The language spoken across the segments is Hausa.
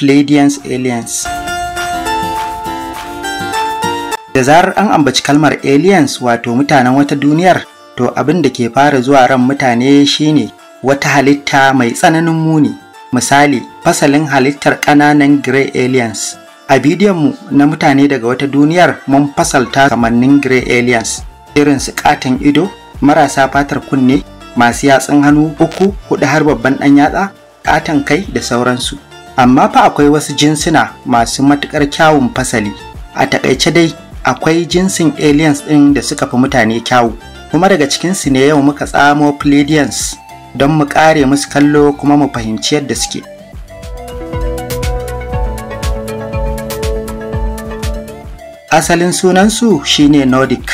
Pleiadians aliens. Da zarar an ambaci kalmar aliens wato mutanen wata duniyar, to abin da ke fara zuwa ran mutane shine wata halitta mai tsananin muni. Misali, fasalin halittar ƙananan grey aliens. A bidiyonmu na mutane daga wata duniyar mun fasalta kamannin grey aliens, irin su katin ido, marasa fatar kunne, masu yatsun hannu uku, hudu har babban ɗan yatsa, katin kai da sauransu. amma fa akwai wasu jinsuna masu matuƙar kyawun fasali a takaice dai akwai jinsin aliens ɗin da suka fi mutane kyawu kuma daga cikinsu ne yau muka tsamo Pleadians don mu ƙare musu kallo kuma mu fahimci yadda suke asalin sunansu shine nordic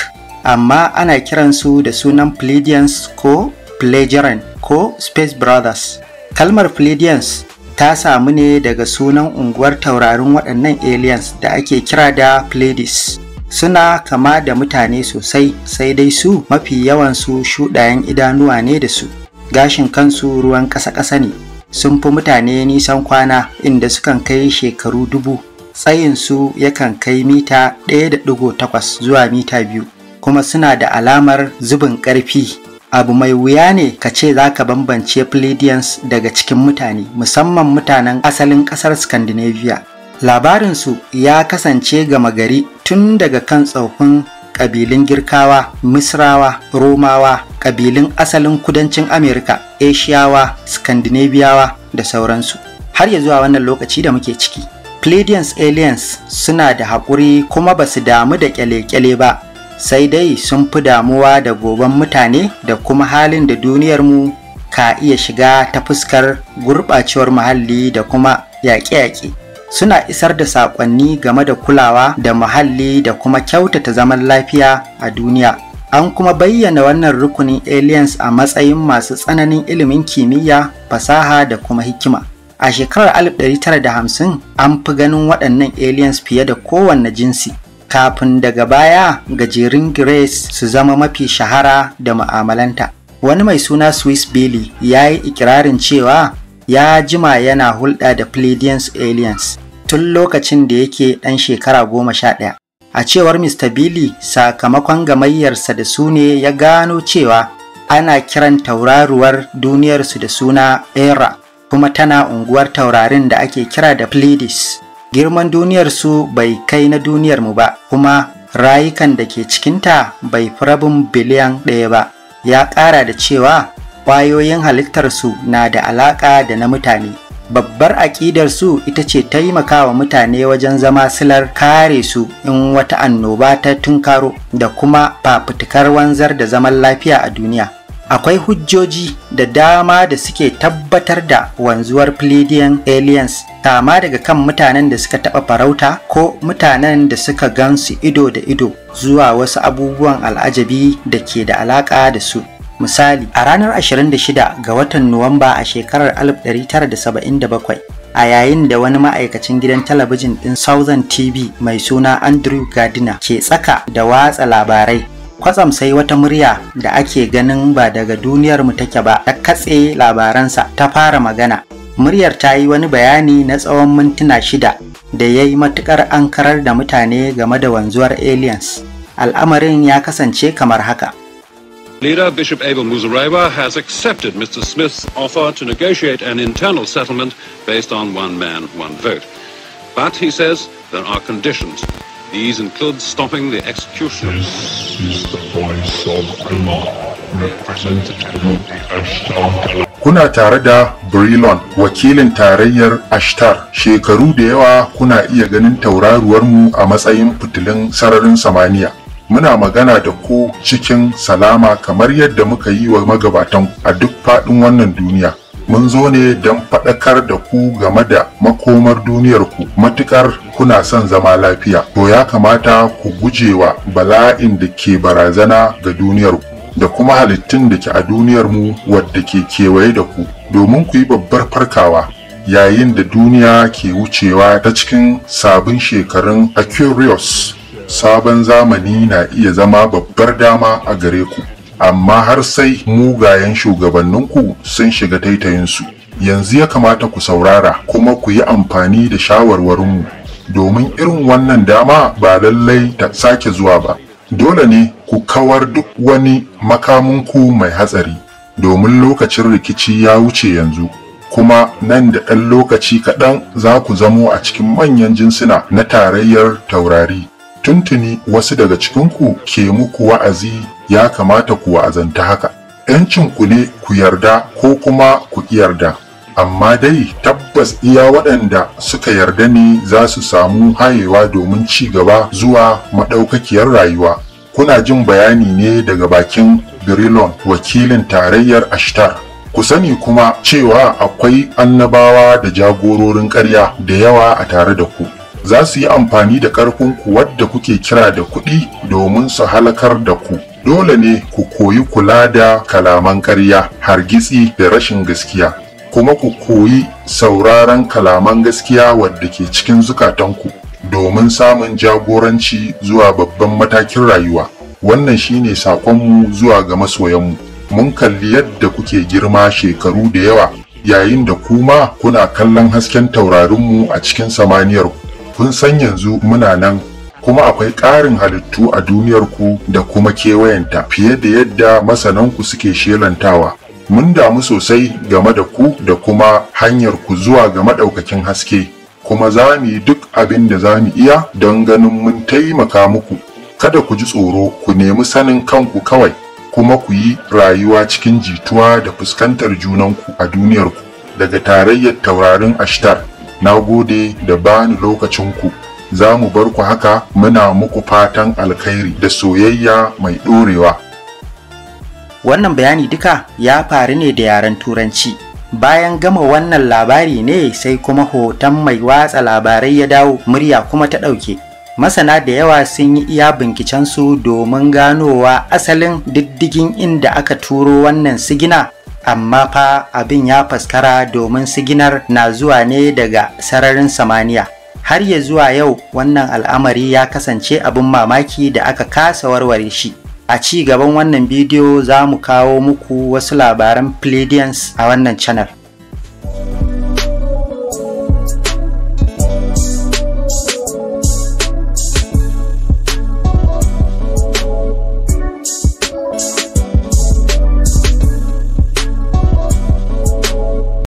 amma ana kiransu da sunan Pleadians ko plagiarin ko space brothers kalmar Pleadians. ta samu ne daga sunan unguwar taurarin waɗannan aliens da ake kira da Pleiades. Suna kama da mutane sosai sai dai su mafi yawansu shuɗayen idanuwa ne da su. Gashin kansu ruwan ƙasa-ƙasa ne. Sun fi mutane nisan kwana inda sukan kai shekaru dubu. Tsayinsu yakan kai mita ɗaya da 1.8 zuwa mita biyu. kuma suna da alamar zubin ƙarfi abu mai wuya ne ka ce za ka bambance Pleiadians daga cikin mutane musamman mutanen asalin ƙasar Scandinavia. Labarinsu ya kasance gama gari tun daga kan tsohon ƙabilun Girkawa, Misrawa, Romawa, ƙabilun asalin kudancin Amerika, Asiyawa, scandinaviawa da sauransu. Har ya zuwa wannan lokaci da muke ciki. Pleiadians aliens suna da haƙuri kuma ba su damu da ƙyale kyale ba sai dai sun fi damuwa da goben mutane da kuma halin da duniyarmu ka iya shiga ta fuskar gurɓacewar muhalli da kuma yaƙe-yaƙe suna isar da saƙonni game da kulawa da muhalli da kuma kyautata zaman lafiya a duniya an kuma bayyana wannan rukunin aliens a matsayin masu tsananin ilimin kimiyya fasaha da kuma hikima a shekarar 1950 an fi ganin waɗannan aliens fiye da kowanne jinsi kafin daga baya gajerun Grace su zama mafi shahara da ma'amalanta. Wani mai suna Swiss Billy ya yi ikirarin cewa ya jima yana hulɗa da Pleiadians Aliens tun lokacin da yake ɗan shekara goma sha ɗaya. A cewar Mr. Billy sakamakon gamayyarsa da su ne ya gano cewa ana kiran tauraruwar duniyarsu da suna Era kuma tana unguwar taurarin da ake kira da Pleiades. girman duniyar su bai kai na duniyar mu ba kuma rayukan da ke cikinta bai fi rabin biliyan ɗaya ba ya ƙara da cewa ƙwayoyin halittarsu na da alaƙa da na mutane babbar aƙidarsu ita ce taimakawa mutane wajen zama silar kare su in wata annoba ta tunkaro da kuma fafutukar wanzar da zaman lafiya a duniya akwai hujjoji da dama da suke tabbatar da wanzuwar Pleiadian aliens kama daga kan mutanen da suka taɓa farauta ko mutanen da suka gansu ido da ido zuwa wasu abubuwan al'ajabi da ke da alaƙa da su. Misali, a ranar 26 ga watan Nuwamba a shekarar 1977, a yayin da wani ma'aikacin gidan talabijin ɗin Southern TV mai suna Andrew Gardiner ke tsaka da watsa labarai kwatsam sai wata murya da ake ganin ba daga duniyar mu take ba ta katse labaransa ta fara magana muryar ta yi wani bayani na tsawon mintuna shida da ya yi matukar ankarar da mutane game da wanzuwar aliens al'amarin ya kasance kamar haka Leader Bishop Abel Muzarewa has accepted Mr. Smith's offer to negotiate an internal settlement based on one man, one vote. But he says there are conditions. These include stopping the execution of Kuna tare da Brilon, wakilin tarayyar Ashtar. Shekaru da yawa kuna iya ganin tauraruwar mu a matsayin fitilin sararin samaniya. Muna magana da ku cikin salama kamar yadda muka yi wa magabatan a duk faɗin wannan duniya. mun zo ne don faɗakar da ku game da makomar duniyarku matukar kuna son zama lafiya to ya kamata ku gujewa bala'in da ke barazana ga duniyarku da kuma halittun da ke a duniyar mu wadda ke kewaye da ku domin ku yi babbar farkawa yayin da duniya ke wucewa ta cikin sabon shekarun aquarius sabon zamani na iya zama babbar dama a gare ku amma har sai mugayen shugabanninku sun shiga taitayinsu yanzu ya kamata ku saurara kuma ku yi amfani da shawarwarinmu domin irin wannan dama ba lallai ta sake zuwa ba dole ne ku kawar duk wani ku mai hatsari domin lokacin rikici ya wuce yanzu kuma nan da ɗan lokaci kaɗan za ku zamo a cikin manyan jinsuna na tarayyar taurari tuntuni wasu daga cikinku ke muku wa'azi ya kamata ku wa'azanta haka yancin ku ne ku yarda ko kuma ku yarda amma dai tabbas iya waɗanda suka yarda ne za su samu hayewa domin ci gaba zuwa maɗaukakiyar rayuwa kuna jin bayani ne daga bakin birilon wakilin tarayyar ashtar ku sani kuma cewa akwai annabawa da jagororin ƙarya da yawa a tare da ku za su yi amfani da ƙarfinku wadda kuke kira da kuɗi domin su halakar da ku dole ne ku koyi kula da kalaman ƙarya hargitsi da rashin gaskiya kuma ku koyi sauraron kalaman gaskiya wadda ke cikin zukatanku domin samun jagoranci zuwa babban matakin rayuwa wannan shine saƙonmu zuwa ga masoyanmu mun kalli yadda kuke girma shekaru da yawa yayin da kuma kuna kallon hasken taurarinmu a cikin samaniyar kun san yanzu muna nan kuma akwai ƙarin halittu a duniyar ku da kuma kewayenta fiye da yadda masananku suke shelantawa mun damu sosai game da ku da kuma hanyar ku zuwa ga maɗaukakin haske kuma za mu yi duk abin da za mu iya don ganin mun taimaka muku kada ku ji tsoro ku nemi sanin kanku kawai kuma ku yi rayuwa cikin jituwa da fuskantar junanku a duniyarku daga tarayyar taurarin ashtar na gode da bani lokacinku za mu bar ku haka muna muku fatan alkhairi da soyayya mai ɗorewa. Wannan bayani duka ya faru ne da yaren Turanci. Bayan gama wannan labari ne sai kuma hoton mai watsa labarai ya dawo murya kuma ta ɗauke. Masana da yawa sun yi iya binkicensu domin ganowa asalin diddigin inda aka turo wannan sigina amma fa abin ya faskara domin siginar na zuwa ne daga sararin samaniya. har ya zuwa yau wannan al'amari ya kasance abin mamaki da aka kasa warware shi a ci gaban wannan bidiyo za mu kawo muku wasu labaran Pleadians a wannan channel